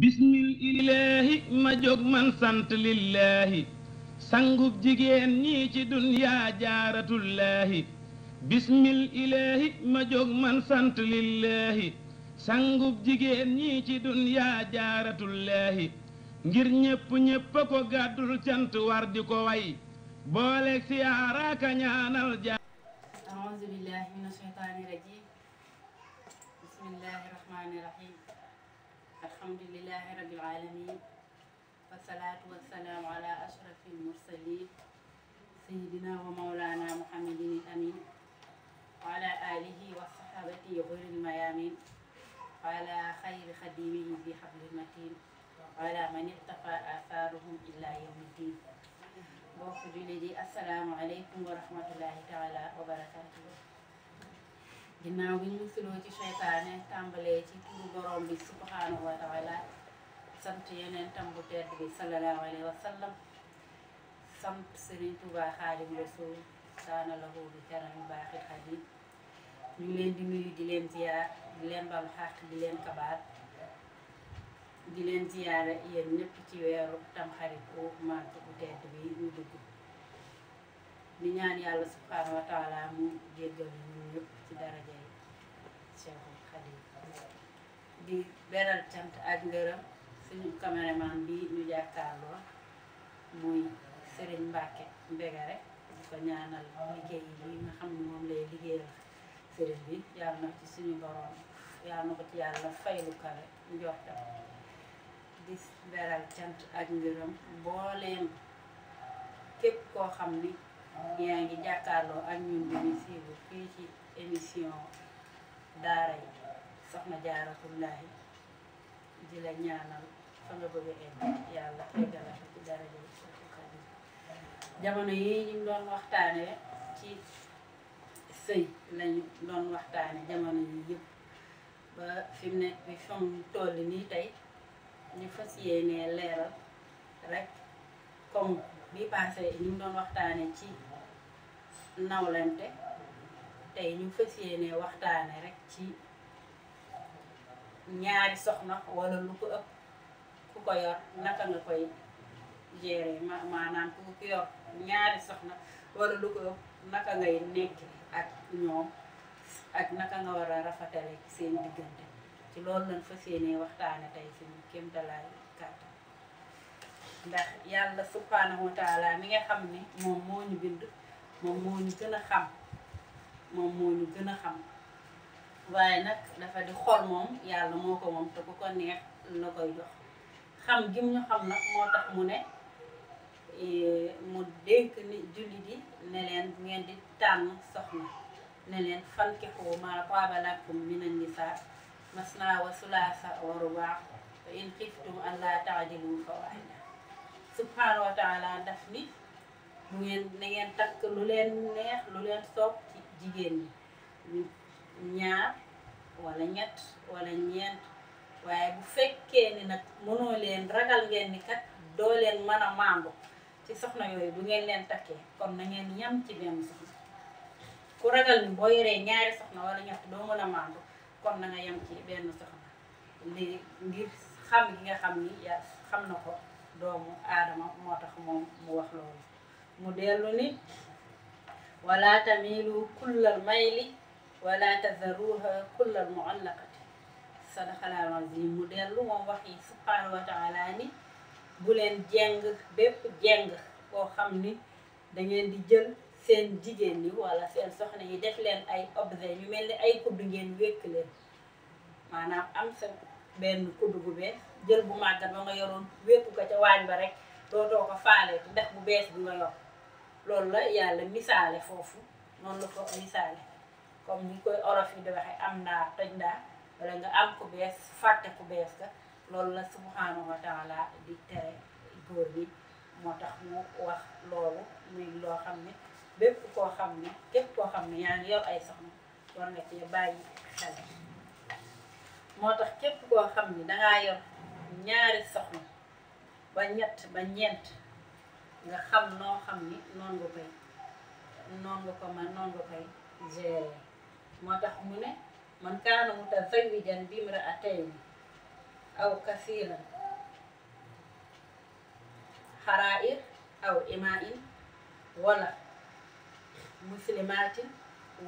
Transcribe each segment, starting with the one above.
bismil ilaahi ma jóg man sant lillaahi sangub jigéen ñii ci dunyaa jaaratullaahi bismil ilaahi ma jóg man sant lillaahi sangub jigéen ñii ci dunyaa jaaratullaahi ngir ñépp ñépp ko gàddul cant war di ko way ka ñaanal الحمد لله رب العالمين والصلاة والسلام على أشرف المرسلين سيدنا ومولانا محمد الأمين وعلى آله وصحابته غير الميامين وعلى خير خديمه بحبل المتين وعلى من اقتفى آثارهم إلى يوم الدين بوك جلدي السلام عليكم ورحمة الله تعالى وبركاته ginnaaw bi ñu musuloo ci seytaane tàmbalee ci turu borom bi subhaanahu wa taala sant yeneen tambu tedd bi sallallahu alayhi wa sallam sant Serigne Touba Xaadim Rasul saana la bi karam baaxi xadim ñu leen di nuyu di leen ziyaar di leen bal xàq di leen kabaar di leen ziyaara yéen ñëpp ci weeru tamxarit u màgg bu tedd bi ñu dugg di ñaan yàlla subhaanahu wa taala mu jéggal ñun ñëpp ci daraja yi Cheikhul Khadim di beral cant ak ngërëm suñu caméraman bi ñu jàkkaarloo muy sëriñ Mbacke Mbegere di ko ñaanal liggéey yi nga xam ne moom lay liggéeyal Serigne bi yàlla na ci suñu borom yàlla na ko ci yàlla faylu kale njortam di beral cant ak ngërëm mbooleem képp koo xam ni yaa ngi jàkkaarloo ak ñun bi ñu siibu fii ci émission daara yi soxna jaaratullaahi di la ñaanal fa nga bëgg egg yàlla eggala ci dara jamono yi waxtaane ci sëy jamono yi yëpp ba fi ne fam toll nii tey ñu fas yéenee leeral rek comme bi passé ñu doon waxtaane ci nawlante tey ñu fas yéene waxtaane rekk ci ñaari soxna wala lu ko ëpp ku ko yor naka nga koy gérer ma maanaam ku ko yor ñaari soxna wala lu ko ëpp naka ngay nekk ak ñoom ak naka nga war a rafetale seen diggante ci loolu lañ fas yéene waxtaane tey suñu kéem dalaay kàttan ndax yàlla subhaanahu wa taala mi nga xam ne moom moo ñu bind moom moo ñu gën a xam moom moo ñu gën a xam waaye nag dafa di xol moom yàlla moo ko moom te bu ko neex la koy jox xam gim ñu xam nag moo tax mu ne eh, mu dénk ni jullit yi ne leen bu ngeen di tànn soxna ne leen fankihu maa taaba lakum minan nisaa masnaa wa sulaasa sa rubaa fa in xiftum an laa taadilu fa waahida subhaanahu wa taala daf bu ngeen na ngeen takk lu leen neex lu leen soob ci jigéen ñi ñaar wala ñett wala ñeent waaye bu fekkee ni nag mënoo leen ragal ngeen ni kat doo leen mën a maandu ci soxna yooyu bu ngeen leen takkee kon na ngeen yam ci benn soxna ku ragal ni boo yoree ñaari soxna wala ñett doo mën a maandu kon na nga yam ci benn soxna li ngir xam gi nga xam ni ya xam na ko doomu aadama moo tax moom mu wax loolu mu dellu ni wala tamilu kullal mayli wala tazaruha kullal muallaqati sadaqalal azim mu dellu moom wax yi subhanahu wa taala ni bu leen jeng bépp jeng koo xam ni dangeen di jël seen jigéen ñi walla seen soxna yi def leen ay objet yu mel ni ay kudd ngeen wékk leen maanaam am sa benn kudd bu bees jël bu màggat ba nga yoroon wékku ko ca waañ ba rek dootoo ko faale ndax bu bees bi nga yor loolu la yàlla misaale foofu noonu la ko misaale comme ni koy olof yi di waxee am naa toj ndaa wala nga am ku bees fàtte ku bees ka loolu la subhaanahu wa taala di tere góor bi moo tax mu wax loolu muy loo xam ne bépp koo xam ne képp koo xam ne yaa ngi yor ay soxna war nga cee bàyyi xel moo tax képp koo xam ne dangaa yor ñaari soxna ba ñett ba ñeent nga xam noo xam ni noonu koy noonu ko man noonu koy gérer moo tax mu ne man kaana mutazawwijan bimra'atayni aw kasiran xaraa'ir aw imaa'in wala muslimaatin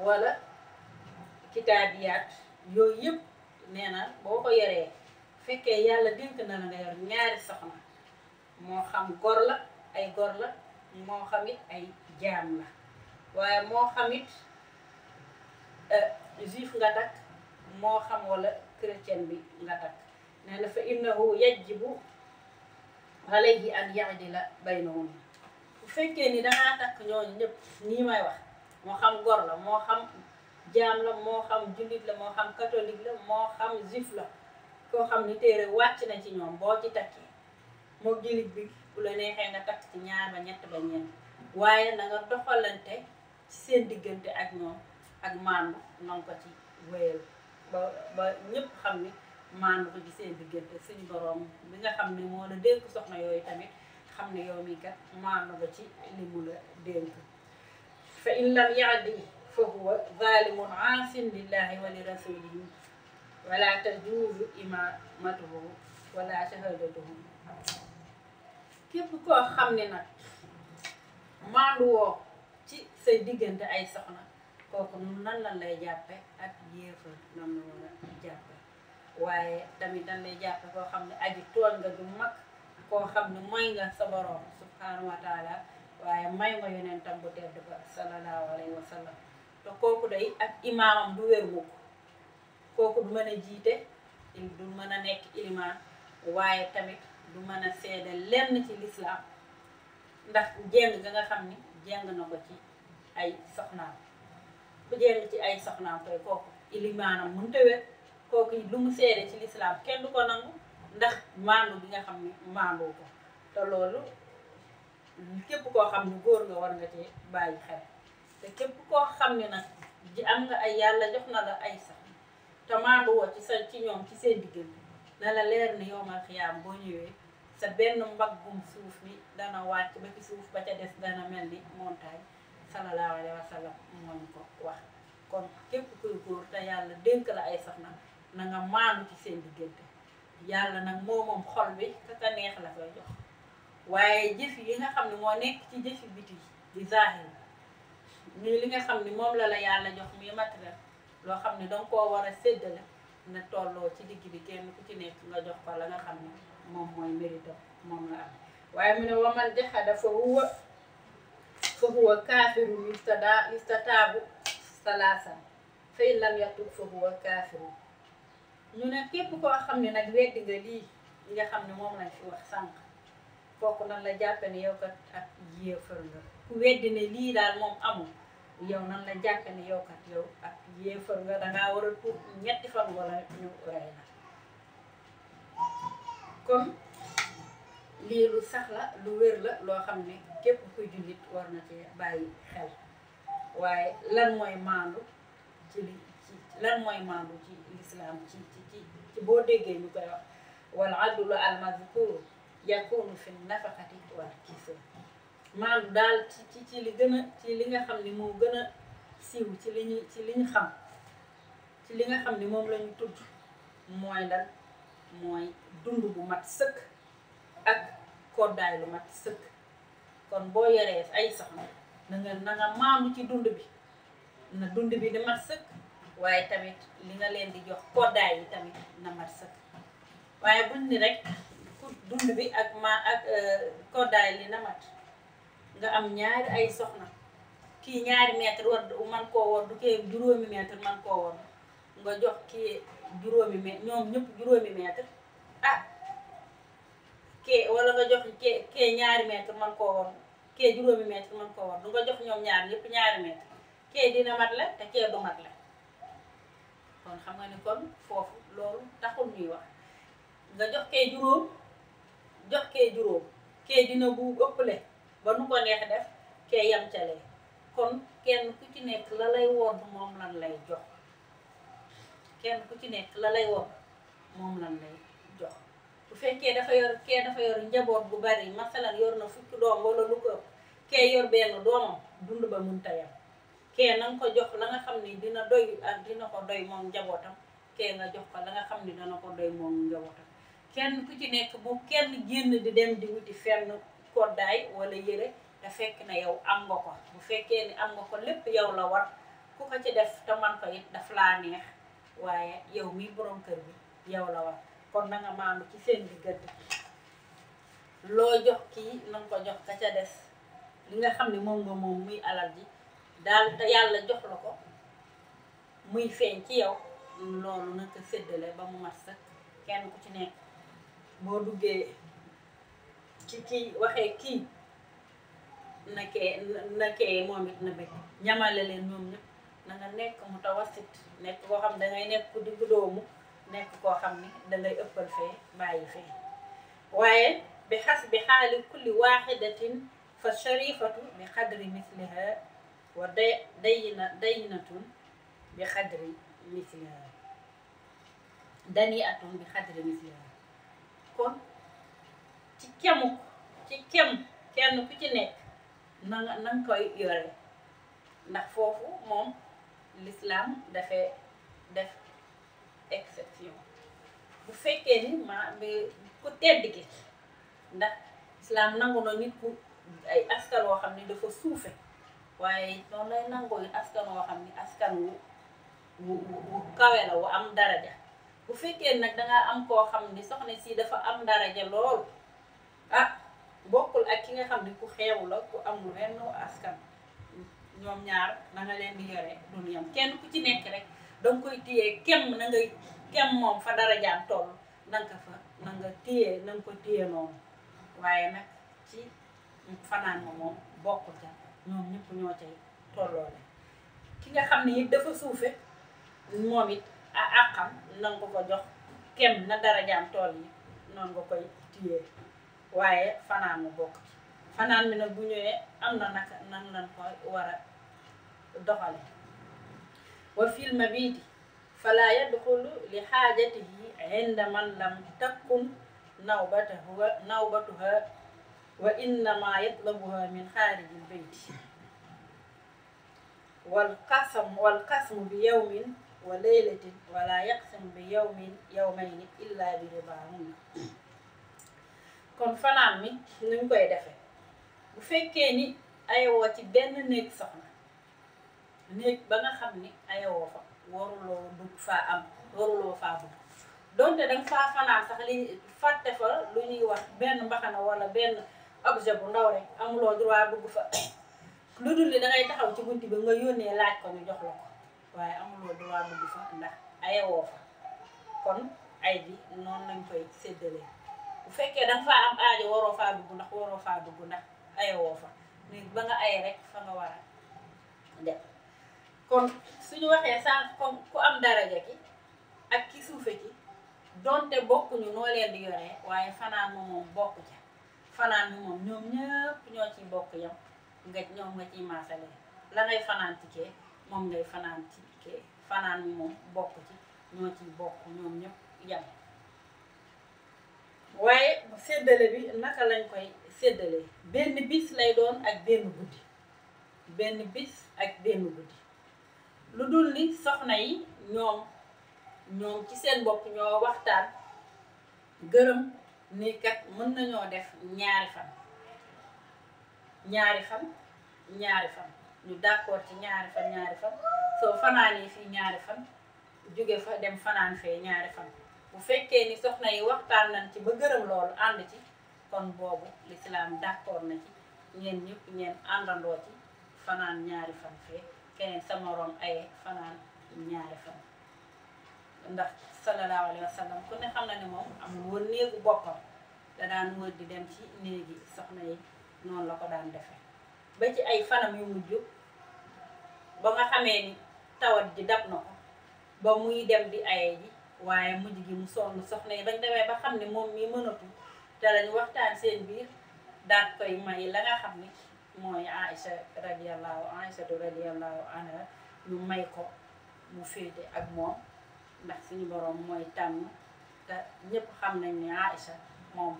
wala kitaabiyaat yooyu yëpp nee na boo ko yoree fekkee yàlla dénk na la nga yor ñaari soxna moo xam góor la ay gor la mo xamit ay jam la waye mo xamit euh juif nga tak mo xam wala chrétien bi nga tak nee fa innahu yajibu alayhi an ya'dila baynahum fu fekke ni da nga tak ñoo ñep ni may wax mo xam gor la mo xam jam la mo xam julit la mo xam catholique la mo xam juif la ko xam ni téere wàcc na ci ñoom bo ci takki mo jullit bi bu la neexee nga takk ci ñaar ba ñett ba ñeent waaye na nga doxalante ci seen diggante ak ñoom ak maandu nanga ko ci wéyal ba ba ñëpp xam ne maandu ko ci seen diggante suñu borom bi nga xam ne moo la dénk soxna yooyu tamit xam ne yow mii kat maandu ko ci li mu la dénk fa in lam yaadi fa huwa zalimun aasin lillahi wa li rasulihi wala tajuuzu imamatuhu wala shahadatuhu képp koo xam ne nag maandu ci say diggante ay soxna kooku nan lay jàppe ak yéefa nan la war a waaye tamit dan lay jàppe koo xam mag koo xam ne mooy nga sa borom subhanahu wa waaye may nga yonentam bu tedd ba sallallahu alayhi wa sallam te kooku day ak imaamam du wér mukk kooku mën a jiite du mën a nekk ilimaan waaye tamit du mën a seede lenn ci lislaam ndax jéng ga nga xam ni jenn na ko ci ay soxnaam bu jéng ci ay soxnaam koy kooku ilimaanam mënta wér kooku lu mu seede ci lislaam kenn du ko nangu ndax maandu bi nga xam ni maandoo ko te loolu képp koo xam ni góor nga war nga ci bàyyi xel te képp koo xam ni nag ji am nga ay yàlla jox na la ay sax te maandu woo ci sa ci ñoom ci seen diggante na la leer ne yow ma boo ñëwee te benn mbaggum suuf bi dana wàcc ba ci suuf ba ca des dana mel ni montagne salallaahu alayhi wa sallam moo ko wax kon képp yàlla dénk la ay soxna na nga maandu ci seen diggante yàlla nag moo moom xol bi kaka neex la koy jox waaye jëf yi nga xam ne moo nekk ci jëfi biti di zahir nii li nga xam ni moom la la yàlla jox muy matériel loo xam ne danga koo war a séddale na tolloo ci digg bi kenn ku ci nekk nga jox ko nga xam ne مام موي ميريتا مام لا ام واي من ومن جحد فهو فهو كافر يستدا يستتاب ثلاثا فان لم يتوب فهو كافر نونا كيب كو خامني نك ويد غا لي ليغا خامني مام لا في واخ سانك فوكو نان لا جابني يوك اك ييفر نغا كو ويد ني لي دال مام امو yow nan la jàkkane yow kat yow ak yéefar nga da ngaa war a tuut ñetti fan wala ñu rey la kon lii lu sax la lu wér la loo xam ne képp kuy jullit war na ci bàyyi xel waaye lan mooy maandu ci li ci lan mooy maandu ci lislaam ci boo déggee ñu koy wax wal adlu al mazkur yakunu fi nafaqati wal kiswa maandu daal ci ci li gën a ci li nga xam ne moo gën a siiw ci li ñu xam ci li nga xam ni moom lañu tudd mooy lan mooy dund bu mat sëkk ak koddaay lu mat sëkk kon boo yoree ay soxna na nga maamu ci dund bi na dund bi di mat sëkk waaye tamit li nga leen di jox koddaay yi tamit na mat sëkk waaye buñ ni rek ku dund bi ak ma ak euh, koddaay li na mat nga am ñaari ay soxna kii ñaari mètre war man koo war du kee juróomi mètre man koo war nga jox kii juróomi mètre ñoom ñëpp juróomi mètre ah kee wala nga jox kee kee ñaari mètre man koo war kee juróomi mètre man koo war du nga jox ñoom ñaar yëpp ñaari mètre kee dina mat la te kee du mat la kon xam nga ni kon foofu loolu taxul ñuy wax nga jox kee juróom jox kee juróom kee dina bu ëppale ba nu ko neex def kee yam cale kon kenn ku ci nekk la lay wodd moom lan lay jox kenn ku ci nekk la lay wodd moom lan lay jox bu fekkee dafa yor kee dafa yor njaboot bu bari masalan yor na fukki doom wala lu ko kee yor benn doomam dund ba mun tayam kee na ko jox la nga xam ni dina doy ak dina ko doy moom njabootam kee jox ko la nga xam ni dana ko doy moom njabootam kenn ku ci nekk bu kenn génn di dem di wuti fenn koddaay wala yére te fekk na yow am nga ko bu fekkee ni am nga ko lépp yow la war ku ko ci def te man ko it daf laa neex waaye yow mi borom kër bi yow la war kon na nga ci seen diggante loo jox kii na ko jox ka ca des li nga xam ne moom nga moom muy alal ji daal te yàlla jox la ko muy feeñ ci yow loolu na ko séddale ba mu mat kenn ku ci nekk boo duggee ci ki waxee kii nakee nakee moom it na bëgg ñamale leen ñoom ñëpp na nekk mu tawasit nekk koo xam dangay nekk ku diggu doomu nekk koo xam ni da lay ëppal fee bàyyi fee waaye bi xas bi xaali kulli waaxidatin fa sharifatu bi xadri misliha wa day dayna daynatun bi xadri misliha daniatun bi xadri misliha kon ci kemu ci kem kenn ku ci nekk na nga na nga koy yore ndax foofu moom l'islam dafee def exception bu fekkee ni ma ku tedd gi ndax islam nangu na nit ku ay askan woo xam ne dafa suufe waaye noonu lay nangoo yi askan woo xam ni askan wu wu wu kawe la wu am daraja bu fekkee nag danga am koo xam ni soxna si dafa am daraja lool ah bokkul ak ki nga xam ne ku xeewu la ku amul wenn askan ñoom ñaar na nga leen di yore dunyam kenn ku ci nekk rek danga koy téyee kem na kem moom fa dara jaam toll fa nanga nga téyee na nga ko téyee noonu waaye nag ci fanaan ma moom bokk ca ñoom ñëpp ñoo cay tolloole ki nga xam ne it dafa suufe moom it a àqam na ko jox kem na dara jaam yi noon nga koy téyee waaye fanaan ma bokk ci fanaan mi nag gu ñëwee am na naka nan lan war a doxale وفي المبيت فلا يدخل لحاجته عند من لم تكن نوبته نوبتها وإنما يطلبها من خارج البيت والقسم والقسم بيوم وليلة ولا يقسم بيوم يومين إلا برضاهن kon fanaan mi nuñ koy defee bu fekkee ni ayoo ci benn néeg soxna néeg ba nga xam ni ayewoo fa waruloo dugg faa am waruloo faa dugg donte danga faa fanaan sax li fàtte fa lu ñuy wax benn mbaxana wala benn objet bu ndaw rek amuloo droit dugg fa lu dul li dangay ci bunti bi nga yónnee laaj ko ñu jox ko waaye amuloo droit dugg fa ndax ayewoo fa kon ay bi noonu lañ koy séddalee bu fekkee danga faa am aajo waroo faa dugg ndax waroo faa dugg ndax ayewoo fa néeg ba nga ay rek fa nga war a dem kon suñu waxee sànq comme ku am daraja ki ak ki suufe ki donte bokkuñu noo leen di yoree waaye fanaan moom bokk ca fanaan moom ñoom ñëpp ñoo ci bokk yam nga ñoom nga ciy maasale la ngay fanaan ci moom ngay fanaan ci fanaan moom bokk ci ñoo ciy bokk ñoom ñëpp yam waaye séddale bi naka lañ koy séddale benn bis lay doon ak benn guddi benn bis ak benn guddi lu dul li soxna yi ñoom ñoom ci seen bopp ñoo waxtaan gërëm ni kat mën nañoo def ñaari fan ñaari fan ñaari ñu d'accord ci ñaari fan ñaari fan soo fanaanee fii ñaari fan jóge fa dem fanaan fee ñaari fan bu fekkee ni soxna yi waxtaan nañ ci ba gërëm loolu ànd ci kon boobu lislaam d'accord na ci ngeen ñëpp ngeen àndandoo ci fanaan ñaari fan fee keneen sa morom ay fanaan ñaari fan ndax sallallahu alayhi wa sallam ku ne xam na ne moom amul woon néegu boppam da daan di dem ci néegi soxna yi noonu la ko daan defe ba ci ay fanam yu mujj ba nga xamee ni tawat ji dab na ko ba muy dem di aye ji waaye mujj gi mu sonn soxna yi bañ demee ba xam ne moom mi mënatu te lañu waxtaan seen biir daat koy may la nga xam ne mooy Aïcha radiyallahu Aïchatu a anha ñu may ko mu féete ak moom ndax suñu boroom mooy tànn te ñépp xam nañ ni Aïcha moom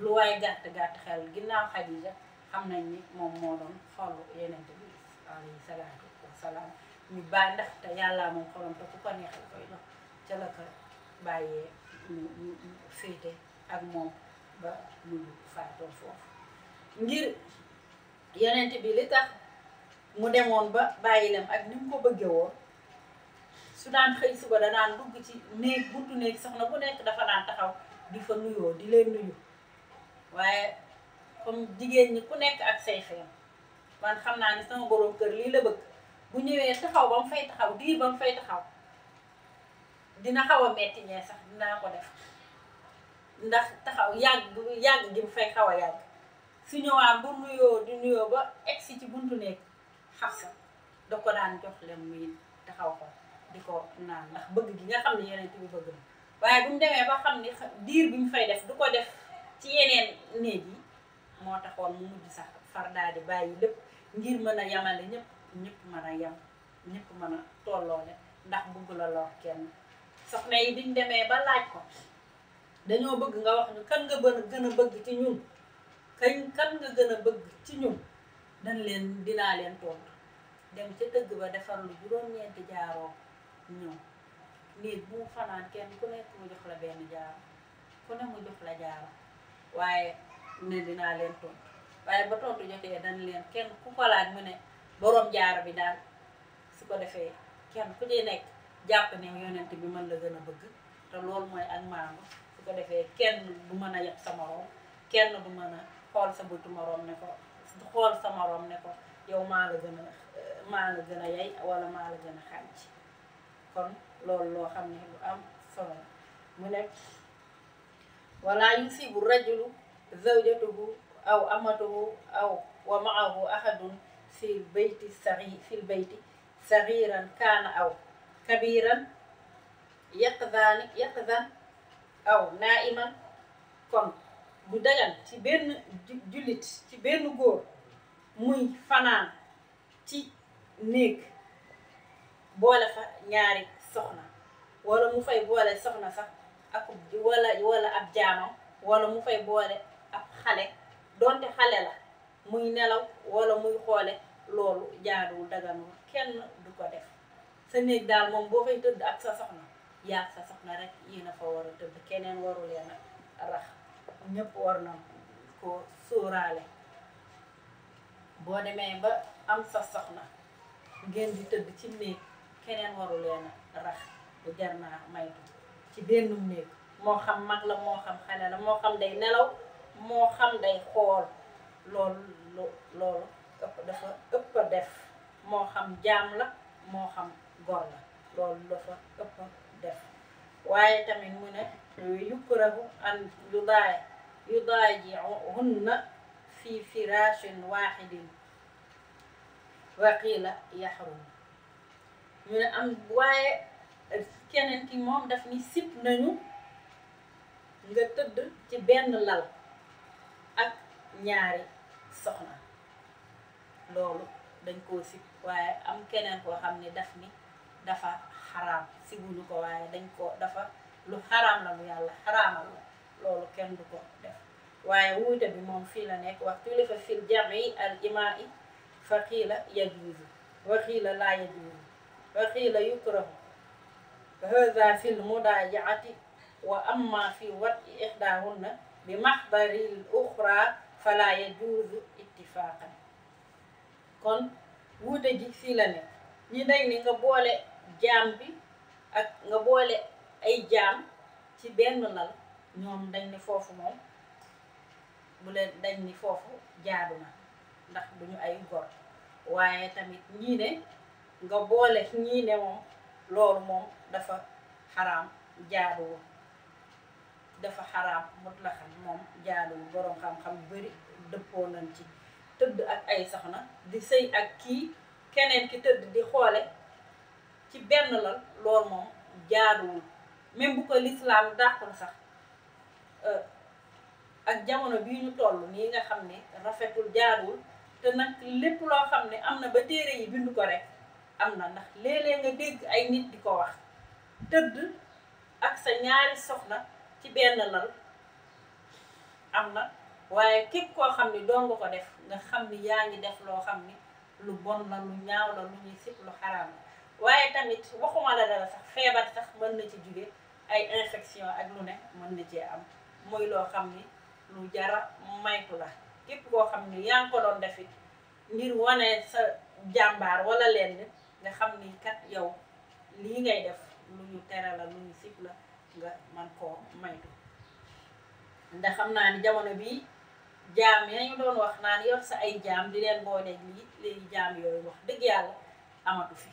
lu waaye gàtt gàtt xel ginnaaw Xadija xam nañ ni moom moo doon xolu yeneen bi alayhi salaatu wasalaam ñu ndax te yàllaa moom xolam te ku ko neex koy jox ca la ko bàyyee féete ak moom ba mu faatoo foofu ngir yonent bi li tax mu demoon ba bàyyi lam ak ni mu ko bëggee woon su daan xëy suba da daan dugg ci néeg buntu néeg na bu nekk dafa daan taxaw di fa nuyoo di leen nuyu waaye comme jigéen ñi ku nekk ak say xeem man xam naa ni sama boroom kër lii la bëgg bu ñëwee taxaw ba mu fay taxaw diir ba mu fay taxaw dina xaw a metti ñee sax dinaa ko def ndax taxaw yàgg yàgg gi mu fay xaw yàgg su ñëwaat bu nuyoo di nuyoo ba egsi ci buntu nekk Xafsa da ko daan jox lem muy taxaw ko di ko naan ndax bëgg gi nga xam ne yeneen bi bëgg na demee ba xam ne diir bi mu fay def du ko def ci yeneen néeg yi moo taxoon mu mujj sax far daal di bàyyi lépp ngir mën a yamale ñépp ñëpp mën a yam ñëpp mën a tolloole ndax bëgg la lor kenn soxna yi biñ demee ba laaj ko dañoo bëgg nga wax ñu kan nga bën gën a bëgg ci ñun kañ kan nga gën a bëgg ci ñun dañ leen dinaa leen tontu dem ca dëgg ba defar lu juróom-ñeenti jaaroo ñëw nit bu mu fanaan kenn ku nekk mu jox la benn jaaro ku ne mu jox la jaaro waaye dinaa leen waaye ba tontu jotee dañ leen kenn ku ko mu ne boroom jaaro bi daal su ko defee kenn ku ci nekk jàpp ne yonent bi mën la gën a bëgg te loolu mooy ak maangu su ko defee kenn du mën a yab sa moroom kenn bu mën a xool sa bëtu moroom ne ko xool sa moroom ne ko yow maa la gën a maa la gën a yey wala maa la gën a xàjj kon loolu loo xam ne lu am solo mu nekk wala yusibu rajulu zawjatahu aw amatahu aw wa maahu ahadun fi bayti sari fi bayti sagiran kaana aw kabiran yaqdaani yaqdan aw naiman kon bu dagan ci benn jullit ci benn góor muy fanaan ci néeg boole fa ñaari soxna wala mu fay boole soxna sax ak wala wala ab jaamam wala mu fay boole ak xale donte xale la muy nelaw wala muy xoole loolu jaaduwul daganul kenn du ko def sa néeg daal moom boo fay tëdd ak sa soxna yaa sa soxna rekk yéen a fa war a tëdd keneen waru leen rax ñëpp war na ko sóoraale boo demee ba am sa soxna ngeen di tëdd ci néeg keneen waru leen rax bu jar naa maytu ci benn néeg moo xam mag la moo xam xale la moo xam day nelaw moo xam day xool loolu loolu ëpp dafa ëpp def moo xam jaam la moo xam gor la loolu dafa ëpp def waaye tamit mu ne yukkurahu an lu daay yudaaji'uhunna fi firaashin waaxidin wa qiila yaxrum ñu ne am waaye keneen ki moom daf ni sip nañu nga tëdd ci benn lal ak ñaari soxna loolu dañ koo sip waaye am keneen ko xam ne daf ni dafa xaram sibuñu ko waaye dañ ko dafa lu xaraam la mu yàlla xaraamal la loolu kenn du ko def waaye wuute bi moom fii la nekk wax tulifa fil jami al imaa'i fa xiila yajuuzu wa xiila laa yajuuzu wa xiila yukrahu hada fil mudaajaati wa amma fi wati ixdaahunna bi maxdari l uxra fala yajuuzu ittifaqan kon wuute ji fii la nekk ñi dañ ni nga boole jaam bi ak nga boole ay jaam ci benn lal ñoom dañ ni foofu moom bu leen dañ ni foofu jaadu na ndax bu ñu ay gor waaye tamit ñii ne nga boole ñii ne moom loolu moom dafa xaraam jaaduwul dafa xaraam mutlaxan moom jaaduwul boroom xam-xam bari dëppoo nañ ci tëdd ak ay sax na di sëy ak kii keneen ki tëdd di xoole ci benn lal loolu moom jaaduwul même bu ko lislaam dàqul sax Euh, ak jamono bii ñu toll nii nga xam ne rafetul jaadul te nag lépp loo xam ne am na ba téere yi bind ko rek am na ndax léeg-léeg nga dégg ay nit di ko wax tëdd ak sa ñaari soxna ci benn lal am na waaye képp koo xam ni doo nga ko def nga xam ni yaa ngi def loo xam ni lu bon la lu ñaaw la lu ñuy sib lu xaraam la waaye tamit waxuma la dara sax feebar sax mën na ci jóge ay infection ak lu ne mën na cee am mooy loo xam ni lu jara maytu la képp koo xam ni yaa ngi ko doon def it ngir wane sa jàmbaar wala lenn nga xam ni kat yow lii ngay def lu ñu tere la lu ñu sib la nga man koo maytu ndax xam naa ni jamono bii jaam yi wax naan yor sa ay jaam di leen booleeg lii léegi jaam yooyu wax dëgg amatu fi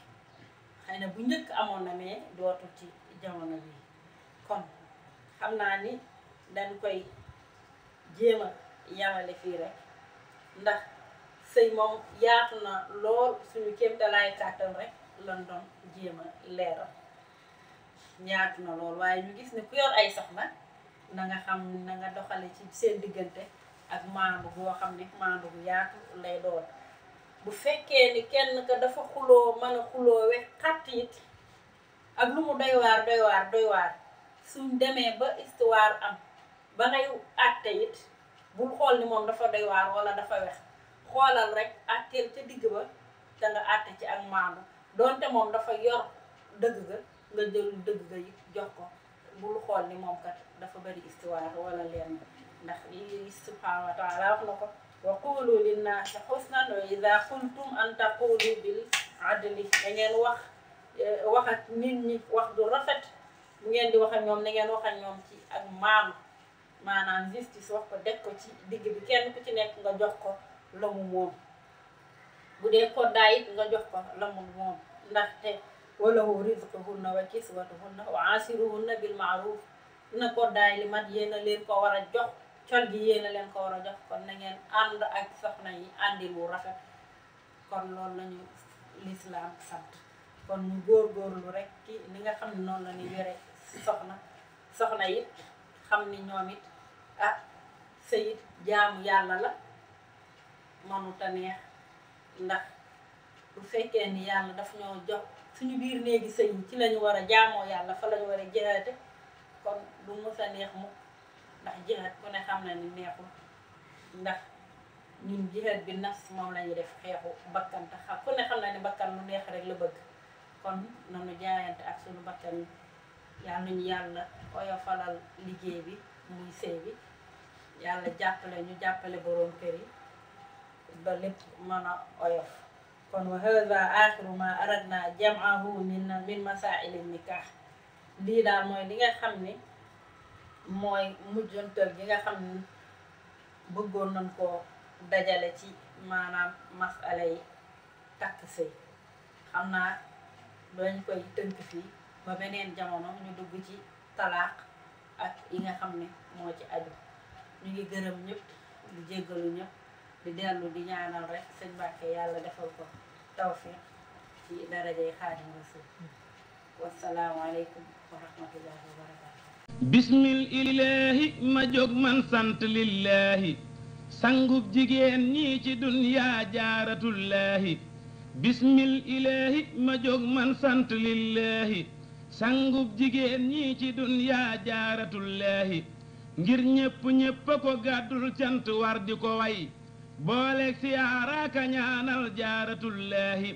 xëy na bu njëkk amoon na mais dootul ci jamono bii kon xam naa ni dañ koy jéem yawale yamale fii rek ndax sëy moom yaatu na lool suñu kéem dalaay kàttan rek lan doon jéem a leeral yaatu na lool waaye ñu gis ni ku yor ay soxna na nga xam na nga doxale ci seen diggante ak maandu boo xam ne maandu bu yaatu lay doon bu fekkee ni kenn ka dafa xuloo mën a xuloowe xatt it ak lu mu doy waar doy waar doy waar suñ demee ba histoire am ba ngay àtte it bul xool ni moom dafa doy waar wala dafa wex xoolal rek àtteel ca digg ba te nga àtte ci ak maandu doonte moom dafa yor dëgg ga nga jël dëgg ga it jox ko bul xool ni moom kat dafa bari istiwaar wala leen ndax lii subhaana wa taala wax na ko wa qulu linnaasi xusnan wa ida qultum an taqulu bil adli da ngeen wax eh, wax ak nit ñi wax du rafet ngeen di wax ak ñoom na ngeen ak ñoom ci ak maandu maanaam justice wax ko deg ko ci digg bi kenn ku ci nekk nga jox ko la mu moom bu dee koddaa it nga jox ko la mu moom ndaxte walahu rizquhunna wa kiswatuhunna wa asiruhunna bil maaruf na koddaay li mat yéen a leen ko war a jox col gi yéen a leen ko war a jox kon na ngeen ànd ak soxna yi àndil wu rafet kon loolu lañu lislaam sant kon ñu góorgóorlu rek ki li nga xam ne noonu la ñuy yore soxna soxna it xam ni ñoom it ah sëyit jaamu yàlla la mënut a neex ndax bu fekkee ni yàlla daf ñoo jox suñu biir léegi sëy ci lañu war a jaamoo yàlla fa lañu war a jihaate kon du mës a neex mu ndax jihaat ku ne xam na ni neexul ndax ñun jihaat bi nafs moom lañu def xeexu bakkan tax ku ne xam na ni bakkan lu neex rek la bëgg kon nanu jaayante ak suñu bakkan yàlla ñu yàlla oyofalal liggéey bi muy sëy bi yàlla jàppale ñu jàppale boroom kër yi ba lépp mën a oyof kon wa hada axiru ma aradna jamaahu min min masaili nikah lii daal mooy li nga xam ni mooy mujjantal gi nga xam ni bëggoon nañ koo dajale ci maanaam masala yi takk sëy xam naa dañ koy tënk fii ba beneen jamono ñu dugg ci talaaq ak yi nga xam ni moo ci aju ñu ngi gërëm ma jóg man sant lillaahi sangub jigéen ñii ci dunyaa jaaratullaahi bismillaahi man sant lillaahi jigéen ñii ci dunyaa jaaratullaahi ngir ñépp ñépp ko gàddul cant war di ko way booleeg siyaaraaka ñaanal jaaratullaahi